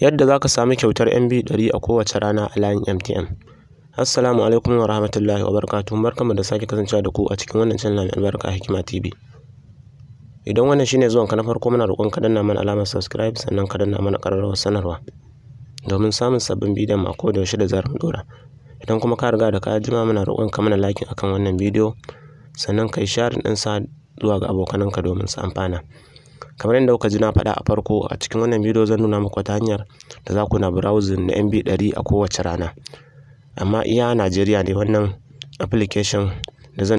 Yadda za ka sami kyautar MB 100 a kowace rana a layin MTN. Assalamu alaikum wa rahmatullahi wa barakatuhu. Barkanmu da sake kasancewa da ku a cikin wannan channel mai albarka Hikima TV. Idan wannan shine ka na farko muna roƙon ka danna mana alamar subscribe sannan ka danna mana ƙararrawar sanarwa domin samun sabbin bidiyon ma da yaushe da mu dora. Idan kuma ka riga da ka jima muna roƙon ka mana like akan wannan bidiyo sannan kai share din sa zuwa ga abokananka domin su amfana. kamar yadda kuka ji na faɗa a farko a cikin wannan bidiyo zan nuna muku wata hanyar da za ku na browsing na MB 100 a kowace rana amma iya Najeriya ne wannan application da zan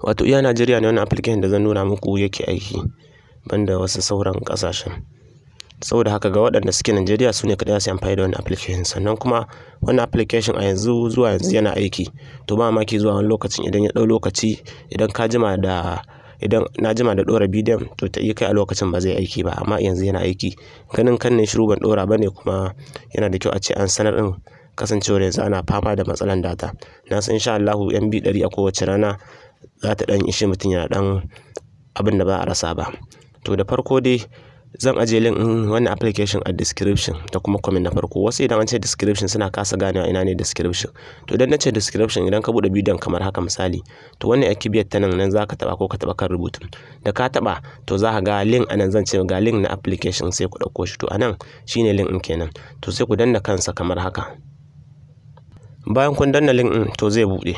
wato iya Najeriya ne wannan application da zan nuna muku yake aiki banda wasu sauran ƙasashen saboda haka ga waɗanda suke Najeriya su ne kaɗai su amfani da wannan application sannan kuma wannan application a yanzu zuwa yanzu yana aiki to ba mamaki zuwa wani lokacin idan ya ɗau lokaci idan ka jima da idan na jima da ɗora bidiyon to ta iya kai a lokacin ba zai aiki ba amma yanzu yana aiki ganin kan ne shiru ban dora ba ne kuma yana da kyau a ce an sanar din kasancewar yanzu ana fama da matsalan data na san insha Allah yan bi ɗari a kowace rana za ta ɗan ishe mutum yana ɗan abin da ba a rasa ba to da farko dai zan ajiye link ɗin wannan application a description ta kuma comment na farko wasu idan an ce description suna kasa ganewa ina ne description to idan na ce description idan ka buɗe bidiyon kamar haka misali to wannan akibiyar ta nan nan za ka taɓa ko ka taɓa kan rubutu da ka taba to za ka ga link anan zan ce ga link na application sai ku ɗauko shi to anan shine link ɗin kenan to sai ku danna kansa kamar haka bayan kun danna link ɗin to zai buɗe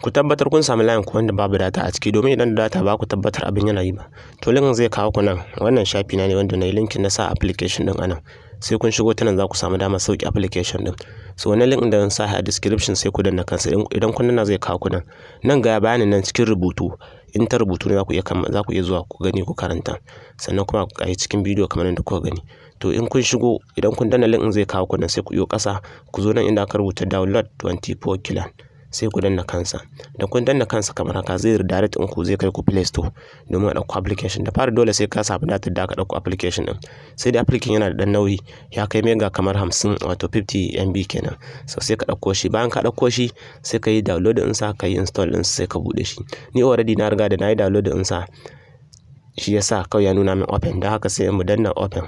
ku tabbatar kun sami layin ku wanda babu data a ciki domin idan da data ba ku tabbatar abin yana yi ba to link zai kawo ku nan wannan shafi na ne wanda na yi linkin na sa application din anan sai kun shigo ta nan za ku samu dama sauki application din so wannan link da sa a description sai ku danna kansa idan kun danna zai kawo ku nan nan ga bayanin nan cikin rubutu in ta rubutu ne za ku iya za ku iya zuwa ku gani ku karanta sannan kuma a yi cikin bidiyo kamar yadda kuka gani to in kun shigo idan kun danna link zai kawo ku nan sai ku yi ƙasa ku zo nan inda aka rubuta download 24 kilan sai ku danna kansa da kun danna kansa kamar haka zai redirect ku zai kai ku play store domin a ɗauko application da fara dole sai ka samu datar da ka ɗauko application din sai da application yana da ɗan nauyi ya kai mega kamar 50 wato 50 MB kenan so sai ka ɗauko shi bayan ka ɗauko shi sai ka yi download sa ka yi install din sai ka buɗe shi ni already na riga da na yi download sa shi yasa kawai ya nuna min open da haka sai mu danna open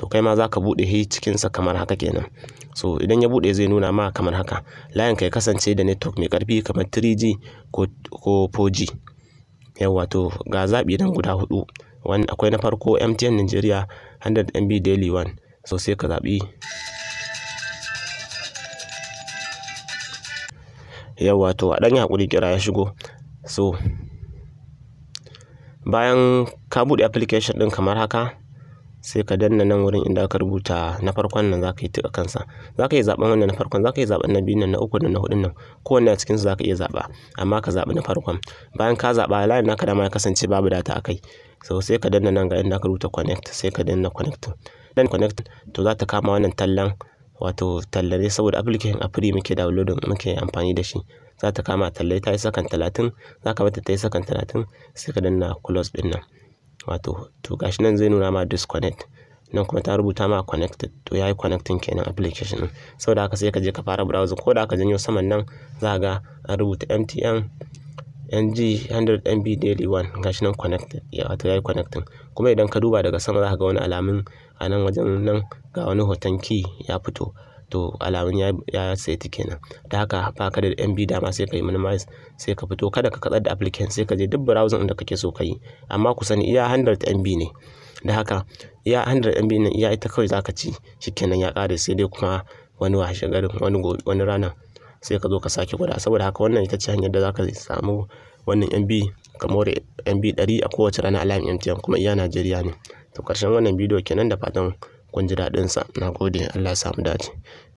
to kai ma za ka buɗe hi cikinsa kamar haka kenan so idan ya buɗe zai nuna ma kamar haka layin ka ya kasance da network mai ƙarfi kamar 3G ko, ko 4G yawa to ga zaɓi nan guda hudu wani akwai na farko MTN Nigeria 100 MB daily one so sai ka zaɓi yawa to a ɗan yaƙuri kira ya shigo so bayan ka buɗe application ɗin kamar haka sai ka danna nan wurin inda aka rubuta na farkon nan zaka yi tuka kansa zaka yi zaben wannan na farkon zaka yi zaben na biyun nan na uku nan na hudu nan kowanne a cikin su zaka iya zaba amma ka zaɓi na farkon bayan ka zaba layin naka dama ya kasance babu data akai so sai ka danna nan ga inda aka rubuta connect sai ka danna connect dan connect to za ta kama wannan tallan wato tallare saboda application a free muke downloading muke amfani da shi za ta kama tallai ta yi sakan 30 za ka bata ta yi sakan 30 sai ka danna close din nan wato to gashi nan zai nuna ma disconnect nan kuma ta rubuta ma connected to yayi connecting kenan application saboda haka sai ka je ka fara browser ko da ka janyo saman nan za ga an rubuta MTN ng 100 mb daily one gashi nan connected ya wato yayi connecting kuma idan ka duba daga sama za ka ga wani alamun a nan wajen nan ga wani hoton key ya fito to alamun ya, sai saiti kenan da haka ba ka da MB dama sai ka yi minimize sai ka fito kada ka katsar da applicant sai ka je duk browser da kake so ka yi amma ku sani iya 100 MB ne da haka iya 100 MB nan iya ita kawai za ka ci kenan ya ƙare sai dai kuma wani washe garin wani wani rana sai ka zo ka sake gwada saboda haka wannan ita ce hanyar da za ka samu wannan MB kamar MB 100 a kowace rana alamin MTN kuma iya Najeriya ne to ƙarshen wannan bidiyo kenan da fatan kun ji daɗinsa. Na gode, Allah ya sa dace.